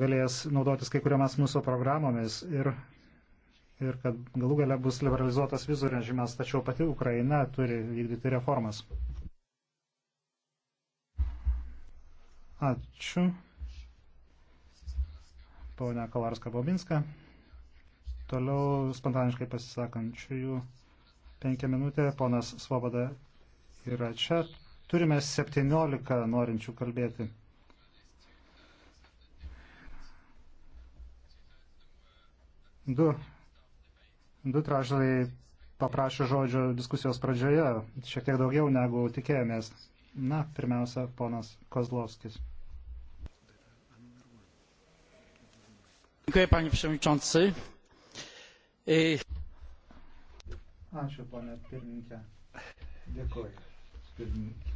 galės naudotis kai kuriomis mūsų programomis ir, ir kad galų gale bus liberalizuotas vizų režimas, tačiau pati Ukraina turi vykdyti reformas. Ačiū. Pone Kalarska Bobinska. Toliau spontaniškai pasisakančiųjų penkia minutė. Ponas Svoboda yra čia. Turime 17 norinčių kalbėti. Du, du trašdaliai paprašė žodžio diskusijos pradžioje, šiek tiek daugiau negu tikėjomės. Na, pirmiausia, ponas Kozlovskis. Dziękuję panie przewodniczący. E, Ačiū, ponė pirmininkė. Dėkuoju. Pirmininkė.